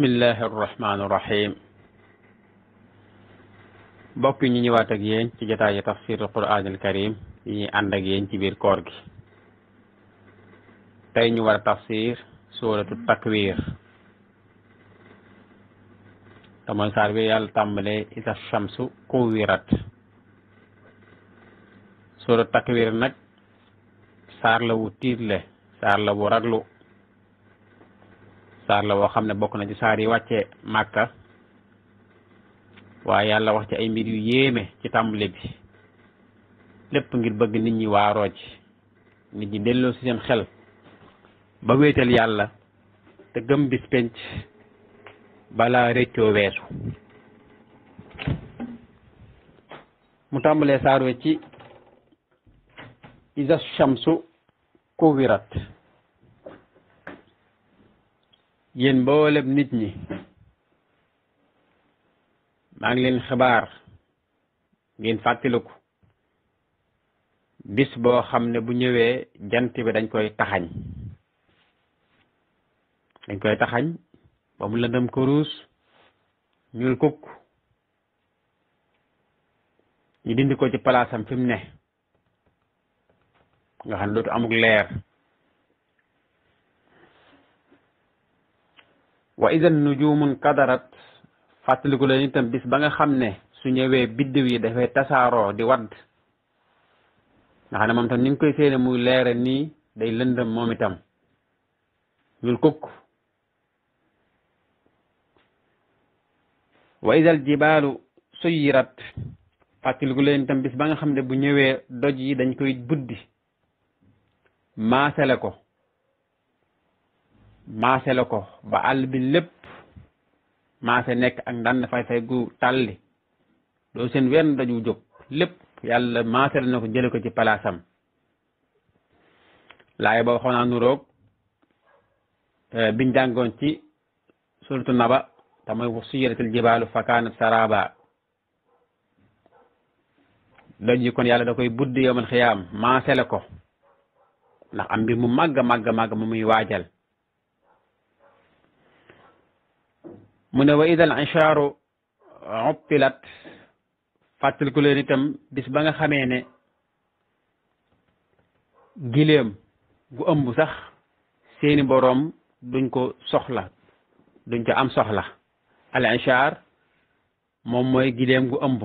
bismillahi arrahmaani irrahim bokk ñi ñëwaat ak yéen ci jotaay yi tafsir alquran al yi ñuy ànd ak ci biir koor gi tey ñu war a tafsir suratu takwir te mooy saar bi yàlla tàmbalee isa shamsu kuwirat suratu takwir nag saar la wu tiitle saar la wu raglu saar la woo xam ne bokk na ci saar yi wàcce màkka waa yàlla wax ci ay mbir yu yéeme ci tàmbale bi lépp ngir bëgg nit ñi waaroo ci nit ñi delloo si seen xel ba wéetal yàlla te gëm bis penc balaa réccoo weesu mu tàmbalee saar we ci isa shamsu kuwirat yéen mboolem nit ñi maa ngi leen xibaar ngeen fàttaliku bis boo xam ne bu ñëwee jant bi dañ koy taxañ dañ koy taxañ ba mu lëndëm kuruus ñuul kukk ñu dindi ko ci palaasam fi mu ne nga xam ne dootu amuk leer wa idan nujumun kadarat fàttaliku leen itam bis ba nga xam ne su ñëwee biddiw yi dafa tasaaroo di wadd nga xam ne moom tam ni koy séene muy leere nii day lëndëm moom itam ñul kukk wa idal jibaalu suyirat fàttaliku leen itam bis ba nga xam ne bu ñëwee doj yi dañ koy buddi maasale ko maase la ko ba àll bi lépp maase nekk ak ndànn fay-fay gu tàlli doo seen wenn daju jóg lépp yàlla maase la na ko jële ko ci palaasam laay ba waxoon naa nuroog eh, biñ jàngoon ci suratu naba te mooy suyiratil jibaalu fakaanat saraba doj yi kon yàlla da koy buddi yowmal xiyaam maase la ko ndax am mbir mu màgg màgg màgg mu muy waajal mu ne wa idal inchaaru oppilat fàttaliku leen itam bis ba nga xamee ne giléem gu ëmb sax seeni boroom duñ ko soxla duñ ko am soxla al inchaar moom mooy giléem gu ëmb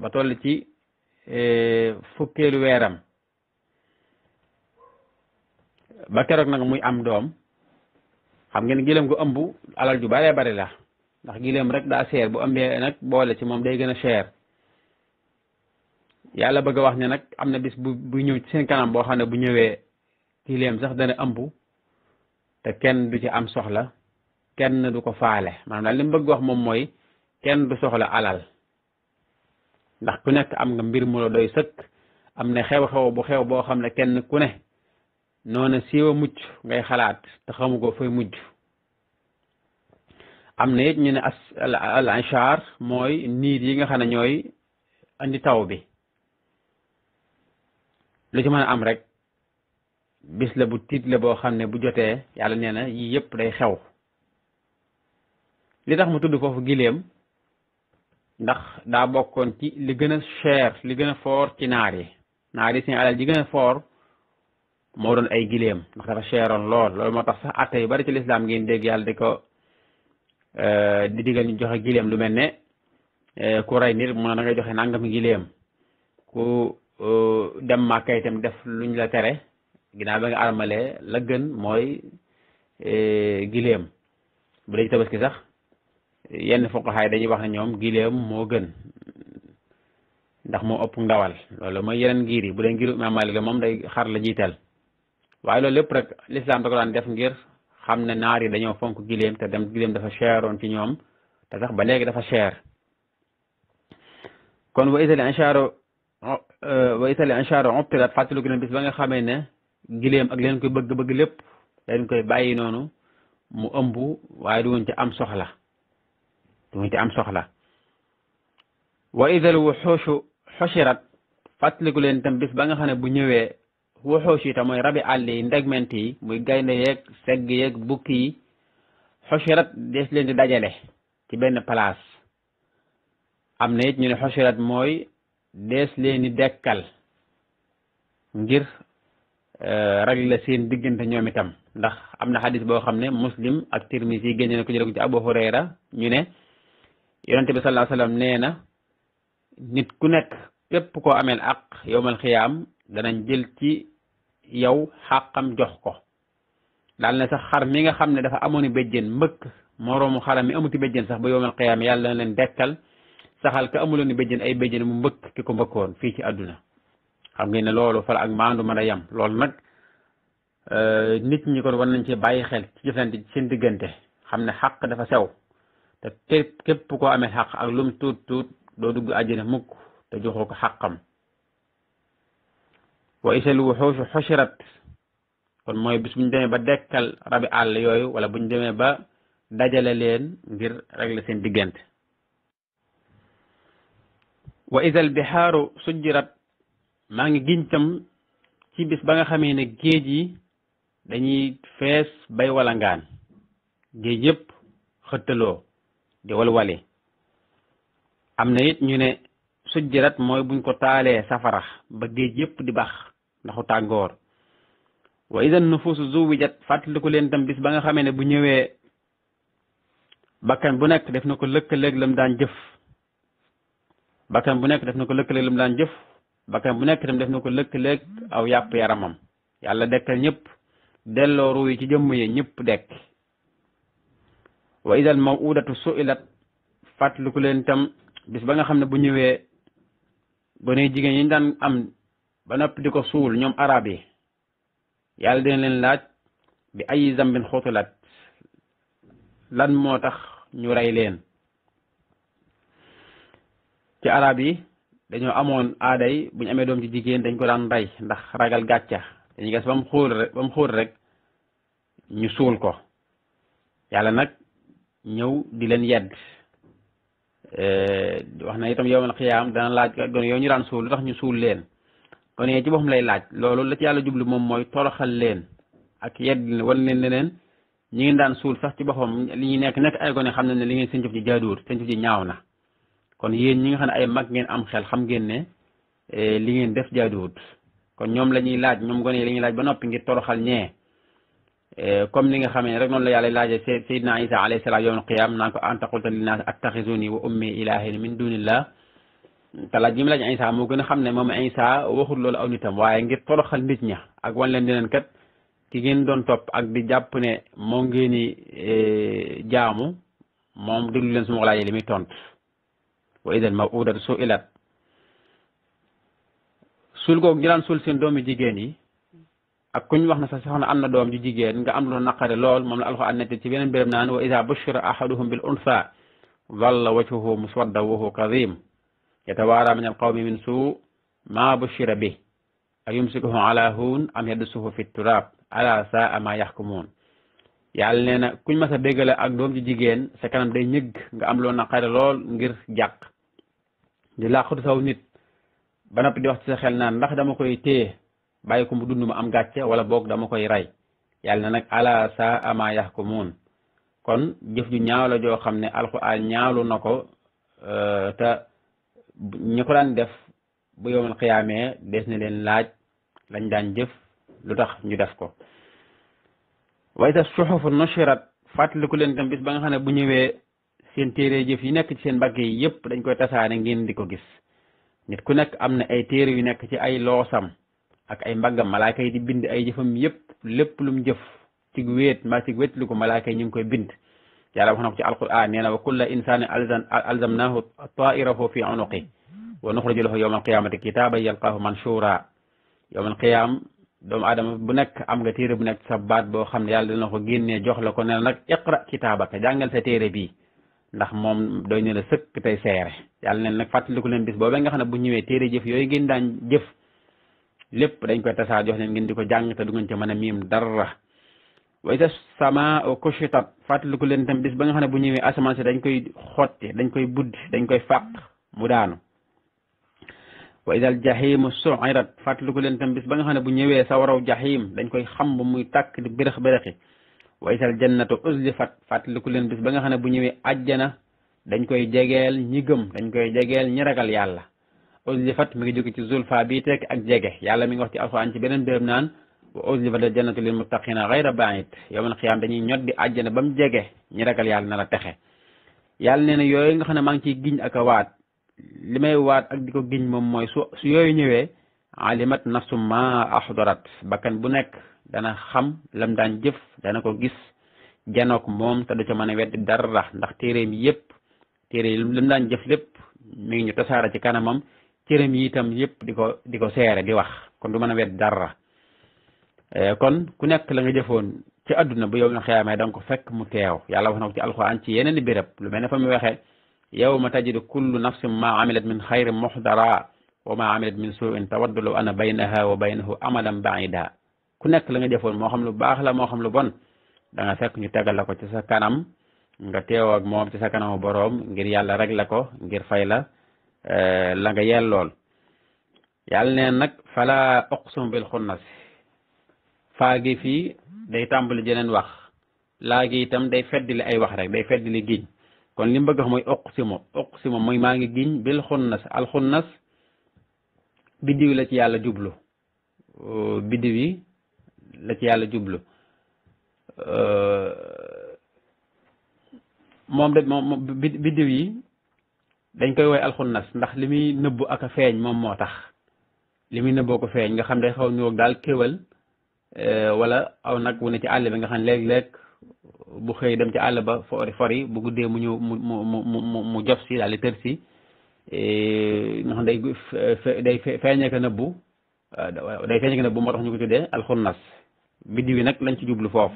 ba toll ci e, fukkeelu weeram ba keroog nag muy am doom xam ngeen giléem gu ëmb alal ju bare bare la ndax gileem rek daa seer bu amee nag boole ci moom day gën a seer yàlla bëgg a wax ne nag am na bis bu bu ñëw ci seen kanam boo xam ne bu ñëwee gileem sax dana ëmb te kenn du ci am soxla kenn du ko faale maanaam daal li mu bëgg wax moom mooy kenn du soxla alal ndax ku nekk am nga mbir mu la doy sëkk am na xew-xew bu xew boo xam ne kenn ku ne noona siiwa mucc ngay xalaat te xamu ko fay mujj am na it ñu ne as al anchar mooy niir yi nga xam ne ñooy andi taw bi lu ci mën a am rek bis la bu tiit la boo xam ne bu jotee yàlla nee na yii yëpp day xew li tax mu tudd foofu giléem ndax daa bokkoon ci li gën a cher li gën a foor ci naar yi naar yi seen alal ji gën a foor moo doon ay giléem ndax dafa cheroon lool loolu moo tax sax atte yu bari ci lislaam ngeen dégg yàlla di ko Euh, di digal ñu joxe gileem lu mel ne euh, ku rey nit mu ne da joxe nangam gileem ku euh, dem màkka itam def luñ la tere ginnaaw ba nga armalee la gën mooy gileem bu dee ci tabaski sax yenn fuqahaay dañuy wax ne ñoom gileem moo gën ndax moo ëpp ndawal loolu mooy yeneen giir yi bu dee ngiru imaam Maalik la moom day la jiital waaye loolu lépp rek lislaam da ko daan def ngir xam ne naar yi dañoo fonk gileem te dem gileem dafa cheroon ci ñoom te sax ba léegi dafa cher kon wa itali incharo wa itali incharo optilat fàttali ko ne bis ba xamee ne gileem ak leen koy bëgg-bëgg lépp leen koy bàyyi noonu mu ëmbu waaye du wuñ ci am soxla du wuñ ci am soxla wa idal wuxuushu xoshirat fàttaliku leen tam bis ba bu ñëwee wuxuush yi te mooy rabi àll yi ndegment yi muy gaynde yeeg segg yeeg bukki yi xoshirat des leen di dajale ci benn palaas am na it ñu ne xoshirat mooy des leen dekkal ngir euh, ragli la seen diggante ñoom itam ndax am na xadis boo xam ne muslim ak tirmisi yi génne na ko jële abu hurayra ñu ne yonente bi sallallahu alayhi wasallam nee na nit ku nekk képp koo ameel aq yowmal xiyaam danañ jël ci yow xàqam jox ko daal ne sax xar mi nga xam ne dafa amoon béjjén mbëkk moroomu xaram mi amuti béjjén sax ba yowmal qiyaam yàlla na leen dekkal saxal ka amuloon ni ay béjjén mu mbëkk ki ko mbëkkoon fii ci àdduna xam ngeen ne loolu fa ak maandu mën a yem loolu nag euh, nit ñi kon war nañ ci bàyyi xel ci jëflante ci diggante xam ne xàq dafa sew te képp koo amee xàq ak lum tuut tuut doo dugg àjjana mukk te joxoo ko xàqam wa isal wuxuushu xushirat kon mooy bis bu ñu demee ba dekkal rabi àll yooyu wala buñ ñu demee ba dajale leen ngir régler seen diggante wa isal bihaaru sujjirat maa ngi giñ tam ci bis ba nga xamee ne géej yi dañuy fees bay wallangaan géej yépp xëttaloo di walwali am na it ñu ne sujjirat mooy buñ ko taalee safara ba géej yépp di baax ndaxu tàggoor wa idan nufus zuwijat fàttaliku leen tam bis ba nga xamee ne bu ñëwee bakkan bu nekk def na ko lëkk lëkkaleeg lam daan jëf bakkan bu nekk def na ko lëkkaleeg lum daan jëf bakkan bu nekk itam def na ko lëkkaleeg aw yàpp yaramam yàlla dekkal ñëpp delloo ruu ci jëmm yi ñëpp dekk wa idal mawudatu suilat fàttaliku leen itam bis ba nga xam ne bu ñëwee gone jigéen yi daan am ba noppi di ko suul ñoom arab yi yàlla dina leen laaj bi ay zambin xutulaat lan moo tax ñu ray leen ci arab yi dañoo amoon aaday bu amee doom ci jigéen dañ ko daan rey ndax ragal gàcca dañuy gas ba mu xóol rek ñu suul ko yàlla nag ñëw di leen yedd eh, wax na itam yowmal xiyaam dana laaj doon yow ñu daan suul lu tax ñu suul leen kon yee ci boppam lay laaj loolu la ci yàlla jublu moom mooy toroxal leen ak yedd ne wan leen ne leen ñi ngi daan suul sax ci boppam li ñuy nekk nekk ay xam ne ne li ngeen seen jëf ji jaaduwut seen jëf ji ñaaw na kon yéen ñi nga xam ne ay mag ngeen am xel xam ngeen ne eh, li ngeen def jaaduwut kon ñoom la ñuy laaj ñoom gone yi la ñuy laaj ba noppi ngir toroxal ñee eh, comme ni nga xamee rek noonu la yàlla laajee Seydina Isa alayhi salaam yawmal qiyaam naan ko anta qulta linnaasi attaxizuuni wa ummi ilaahin min duunillah talaaj gi mu laaj Isa gën a xam ne moom Isa waxul loolu aw nitam waaye ngir xal nit ña ak wan leen dineen kat ki ngeen doon topp ak di jàpp ne moo ngeen e, jaamu moom déglu leen su ma ko laajee li muy tontu wa su mawudatu su'ilat suul googu ñu suul seen doomi jigéen yi ak kuñ wax na sax na am na doom ju jigéen nga am lu naqare lool moom la alxuraan nett ci beneen béréb naan wa ida bushira ahaduhum bil untha dhalla wajhuhu muswadda wa huwa kadhim a min alqawmi min suu ma bushira bi ayumsikuhu ala huun am yadsuhu fi turaab ala saa ma yaxkumuun yàlla nee na kuñ mas a déggale ak doom jigéen sa kanam day ñëgg nga am loo naqare lool ngir jàq di làqatu saw nit ba noppi di wax ci sa xel naan ndax dama koy téye bàyyi ko mu dund ma am gàcce wala boog dama koy rey yàlla na nag ala saa ama yaxkumuun kon jëf ju ñaaw la xam ne alxuraan ñaawlu na ko euh, te ñi daan def bu yowmal xiyaamee des na leen laaj lañ daan jëf lu tax ñu def ko waaye ta suxufu nushirat fàttaliku leen tam bis ba nga xam ne bu ñëwee seen téere jëf yi nekk ci seen mbagg yi yëpp dañ koy tasaane ngeen di ko gis nit ku nekk am na ay téere yu nekk ci ay loosam ak ay mbagam malaaka yi di bind ay jëfam yëpp lépp lum jëf ci wéet mbaa ci wéetlu ko malaaka yi ñu ngi koy bind yàlla wax na ko ci alquran nee na wa kulla insaanin alzamnahu taa'irahu fi unuqi wa nuxriju lahu yowma alqiyamati kitaaban yalqaahu manshura yowma alqiyam doomu aadama bu nekk am nga téere bu nekk sa baat boo xam ne yàlla dina ko génnee jox la ko ne la nag iqra kitaabaka jàngal sa téere bi ndax moom doy na la sëkk tey seere yàlla ne nag fàttaliku leen bis boobee nga xam ne bu ñëwee téere jëf yooyu ngeen daan jëf lépp dañ koy tasaa jox leen ngeen di ko jàng te du ngeen ci mën a miim dara wa ida sama o kushitat fàttaliku leen tam bis ba nga xam ne bu ñëwee asamaan si dañ koy xotti dañ koy budd dañ koy fàq mu daanu wa idal jahimu suirat fàttaliku leen tam bis ba nga xam ne bu ñëwee sawaraw jahim dañ koy xam muy tàkk di bérëx bérëxi wa idal jannatu fat fàttaliku leen bis ba nga xam ne bu ñëwee ajjana dañ koy jegeel ñi gëm dañ koy jegeel ñi ragal yàlla uzlifat mi ngi jóge ci zulfa bii tekk ak jege yàlla mi ngi wax ci alxuraan ci beneen béréb naan uzlifatil jannatu lil muttaqina ghayra ba'id yawmal qiyaam dañuy ñoddi àjjana ba mu jege ñi ragal yàlla na la texe yàlla nee na yooyu nga xam ne maa ngi ciy giñ ak a waat li may waat ak di ko giñ moom mooy su su yooyu ñëwee alimat nafsu ma ahdarat bakkan bu nekk dana xam lam daan jëf dana ko gis janook moom te du ca mën a weddi dara ndax téeréem yépp téere yi lam daan jëf lépp mi ngi ñu ci kanamam téeréem yi itam yépp di ko di ko seere di wax kon du mën a weddi dara Eh, kon ku nekk la nga jëfoon ci àdduna ba yow na xiyaamee da nga fekk mu teew yàlla wax na ko ci an ci yeneen i béréb lu mel ne fa mu waxee yow ma ta tajidu kullu nafsin ma amilat min xayri muxdara wa ma amilat min suin tawaddu law ana baynaha wa baynahu amalan baida ku nekk la nga jëfoon moo xam lu baax la moo xam lu bon da nga fekk ñu tegal la ko ci sa kanam nga teew ak moom ci sa kanamu boroom ngir yàlla rek la ko ngir fay la eh, la nga yellool yàlla ne nag faa fii day tàmbali jeneen wax laa gi itam day feddli ay wax rek day feddli giñ kon li mu bëgg a wax mooy uqsimu uqsimu mooy maa ngi giñ bil xunnas al xunnas biddiw la ci yàlla jublu euh, biddiw yi la ci yàlla jublu euh, moom de moom yi dañ koy woy alxunnas ndax li muy nëbbu ak a feeñ moom moo tax li muy nëbboo ko feeñ nga xam day xaw niroog daal kéwal Euh, wala aw nag wu ne ci àll bi nga xam ne léeg-léeg bu xëy dem ci àll ba fori fori bu guddee mu ñëw mu mu mu mu mu jof si daal di tër si eh, nga xam day ah, day feeñee ko nëbbu day feeñee nëbbu moo tax ñu ko tuddee alxunnas biddiw yi lañ ci jublu foofu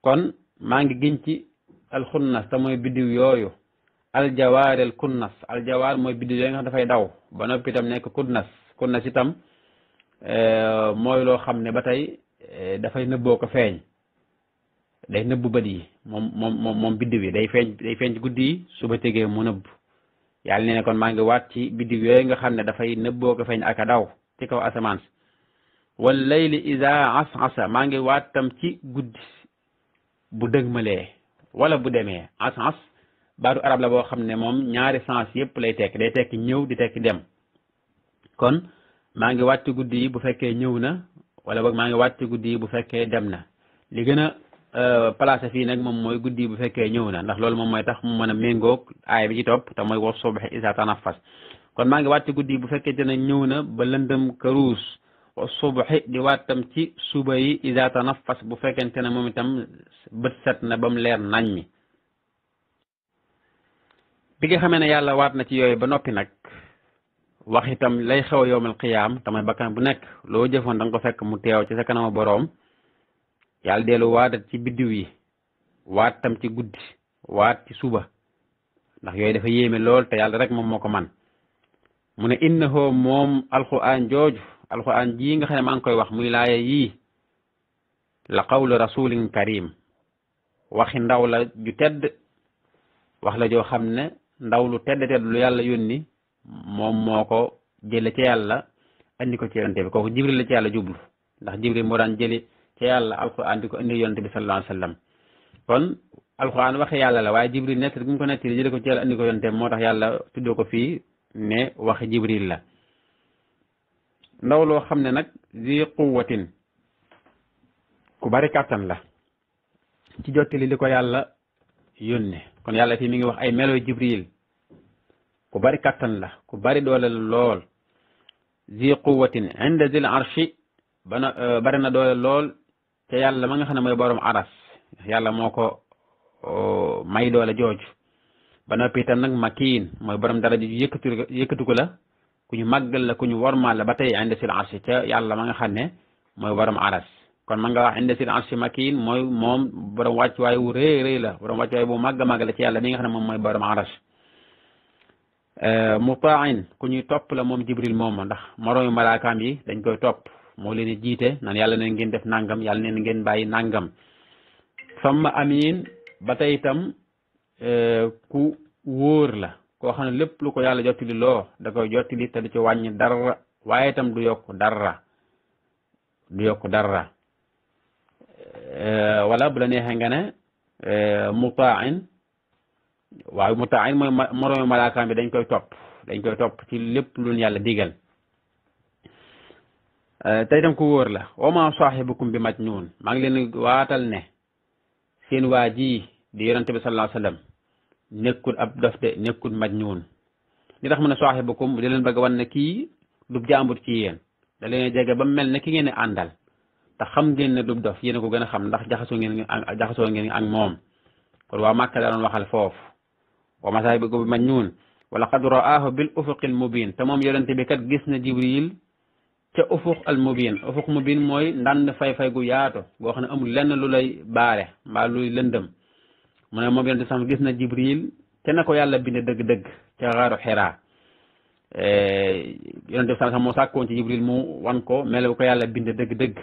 kon maa ngi giñ ci alxunnas te mooy biddiw yooyu aljawaarel kunnas aljawaar mooy biddiw yooyu nga xam dafay daw ba noppi nekk kunnas kunnas Euh, mooy loo xam ne ba tey euh, dafay nëbboo ko feeñ day nëbbu bët yi moom moom moom biddiw yi day feeñ day feeñ guddi yi suba tegee mu nëbb yàlla nee kon maa ngi waat ci biddiw nga xam ne dafay nëbboo ko feeñ ak daw ci kaw asamaan si wal layli iza asasa maa ngi waat tam ci guddi bu dëgmalee wala bu demee asas baatu arab la boo xam ne moom ñaari sens yëpp lay tekk day tekki ñëw di tekki dem kon maa ngi wàtti guddi yi bu fekkee ñëw na wala boog maa ngi wàtti guddi yi bu fekkee dem na li gën a euh, placé fii nag moom mooy guddi yi bu fekkee ñëw na ndax loolu moom mooy tax mu mën a méngoog aaya bi ci topp te mooy wax subax isa tanaffas kon maa ngi wàtti guddi yi bu fekkee dina ñëw na ba lëndëm karuus wa subaxi di ci suba yi isa tanaffas bu fekkente ne moom itam bët set na ba mu leer nañ mi bi nga xamee ne yàlla waat na ci yooyu ba noppi nag wax itam lay xew yowmal qiyaam tam bakkan bu nekk loo jëfoon da nga ko fekk mu teew ci sa kanama boroom yàlla dellu waatat ci biddiw yi waat tam ci guddi waat ci suba ndax yooyu dafa yéeme lool te yàlla rek moom moo ko man mu ne innahoo moom alxu jooju alquran jii nga xam ne maa ngi koy wax muy laaya yii la qawlu rasulin karim waxi ndaw la ju tedd wax la joo xam ne ndaw lu tedd tedd lu yàlla yónni moom moo ko jële ca yàlla andi ko ci yonente bi kooku jibril la ci yàlla jublu ndax jibril moo daan jële yàlla alquran di ko indi bi sallallahu alayhi wa sallam kon alquran waxe yàlla la waaye jibril nett bu mu ko nettali jële ko ci yàlla andi ko moo tax yàlla tuddoo ko fii ne waxe jibril la ndaw loo xam ne nag zi quwwatin ku bari kàttan la ci jottali li ko yàlla ne kon yàlla fii mi ngi wax ay melo jibril ku bari kattan la ku bari doole la lool zi quwatin inda zil arshi bana eh, bari na doole lool te yàlla ma nga xam ne mooy borom aras yàlla moo ko oh, may doole jooju ba noppi itam nag makiin mooy borom daraja ju yëkkatu yëkkatu ko la ku ñu màggal la ku ñu wormaal la ba tey inda zil arshi ca yàlla ma nga xam ne mooy borom aras kon ma nga wax inda zil arshi makiin mooy moom borom wàccuwaay wu rëy rëy la borom wàccuwaay bu màgg a màgg la ci yàlla mi nga xam ne moom mooy borom aras Euh, mutain ku ñuy topp la moom jibril moom ndax moroomi malaakaam yi dañ koy topp moo leen di jiite nan yàlla neen ngeen def nangam yàlla neen ngeen bàyyi nangam samma amin ba tey euh, ku wóor la koo xam ne lépp lu ko yàlla jottali loo da koy jottali te ci wàññi dara waaye itam du yokk darra du yokk dara euh, wala bu neexee nga ne mutain waaye mu taa mooy moroomi malaakaam bi dañ koy topp dañ koy topp ci lépp lu yàlla digal euh, tey itam ku wóor la wama saaxibukum bi majnuun maa ngi leen waatal ne seen waa ji di yonente bi sallallahu alayhi wasallam nekkul ab dof de nekkul majnuun li tax mu ne saaxibukum di leen bëgg wan ne kii dub jàmbur ci yéen daleen leen jege ba mel ne ki ngeen àndal tax xam ngeen ne dub dof yéen a ko gën a xam ndax jaxasoo ngeen ak jaxasoo ngeen ak moom kon waa Màkka waxal foofu wa masaabiqu bi majnuun wa laqad ra'aahu bil ufuqil mubiin te moom yonent bi kat gis na jibril ca ufuq al mubiin ufuq mubiin mooy ndànd fay-fay gu yaatu goo xam ne amul lenn lu lay baare mbaa luy lëndëm mu ne moom yonent sam gis na jibril te ko yàlla bind dëgg-dëgg ca xaaru xiraa eh, yonent sam sax moo sàkkoon ci jibril mu wan ko melew ko yàlla bind dëgg-dëgg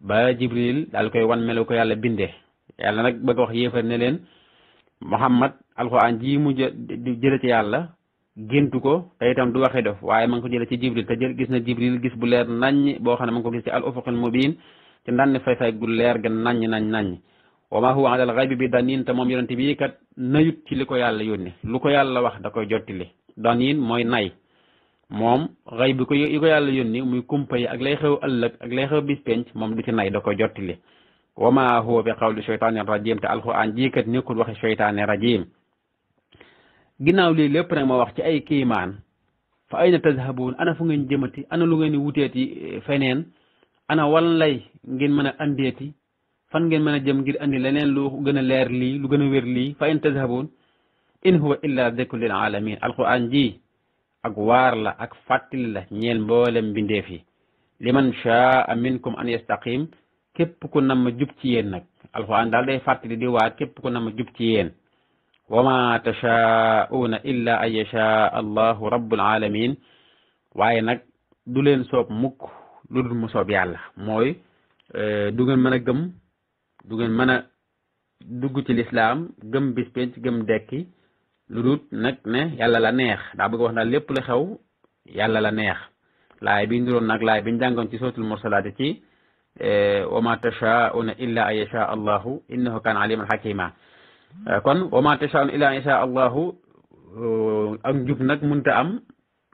ba jibril daal koy wan melew ko yàlla binde yàlla nag bëgg wax yéefar ne leen Muhammad alxuraan ji mu jële ci yàlla géntu ko te itam du waxe dof waaye ma ngi ko jële ci jibril te jël gis na jibril gis bu leer naññ boo xam ne ma ngi ko gis ci al ufuqil mubin ci ndànn fay fay gu leer ga nañ nañ naññ wa ma huwa alal xaybi bi danin te moom yonente bii kat nayut ci li ko yàlla ni lu ko yàlla wax da koy jottili danin mooy nay moom xayb bi ko yi ko yàlla yónni muy kumpa yi ak lay xew ëllëg ak xew bis moom du ci nay da koy jottili wa ma huwa bi qawli sheytaani rajim te alquran jii kat nekkul waxi sheytaani rajim ginnaaw lii lépp nag ma wax ci ay kiimaan fa ayna tazhabuun ana fu ngeen jëmati ana lu ngeen di wuteeti feneen ana wan lay ngeen mën a andeeti fan ngeen mën a jëm ngir andi leneen lu gën a leer lii lu gën a wér lii fa ayna tazhabuun in huwa illa dikru lil alamin alquran ji ak waar la ak fàttali la ñeel mboolem mbindeef yi liman shaa minkum an yastaqim képp ko nama ma jub ci yéen nag alxuraan daal day fàttali di waar képp ku nama ma jub ci yéen wa ma tashaauna illa an yashaa allahu rabbul alamin waaye nag du leen soob mukk lu dul mu soob yàlla mooy eh, du ngeen mën a gëm du ngeen mën a dugg ci lislaam gëm bis penc gëm dekki lu dul nag ne yàlla la neex daa bëgg wax daal lépp la xew yàlla la neex laay bi ñu doon nag laay bi ñu jàngoon ci sootul mursalaati ci Eh, wama tashauna illa an yasha allahu innahu kana aliman hakima eh, kon wama tashauna illa an yasha allahu eh, ak njub nag munta am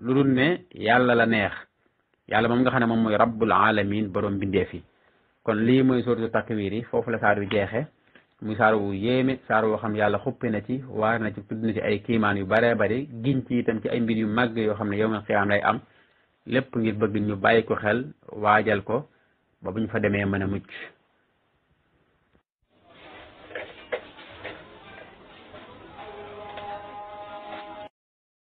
lu dul ne yàlla la neex yàlla moom nga xam ne moom mooy rabbul alamin borom bindeef fi kon lii mooy sourate takwir yi foofu la saar wi jeexe muy saar wu yéeme saar woo xam yàlla xuppi na ci waar na ci tudd ay kiimaan yu baree bari giñ ci itam ci ay mbir yu màgg yoo xam ne yow nga xiyaam lay am lépp ngir bëgg ñu bàyyi ko xel waajal ko ba bu ñu fa demee mën a mucc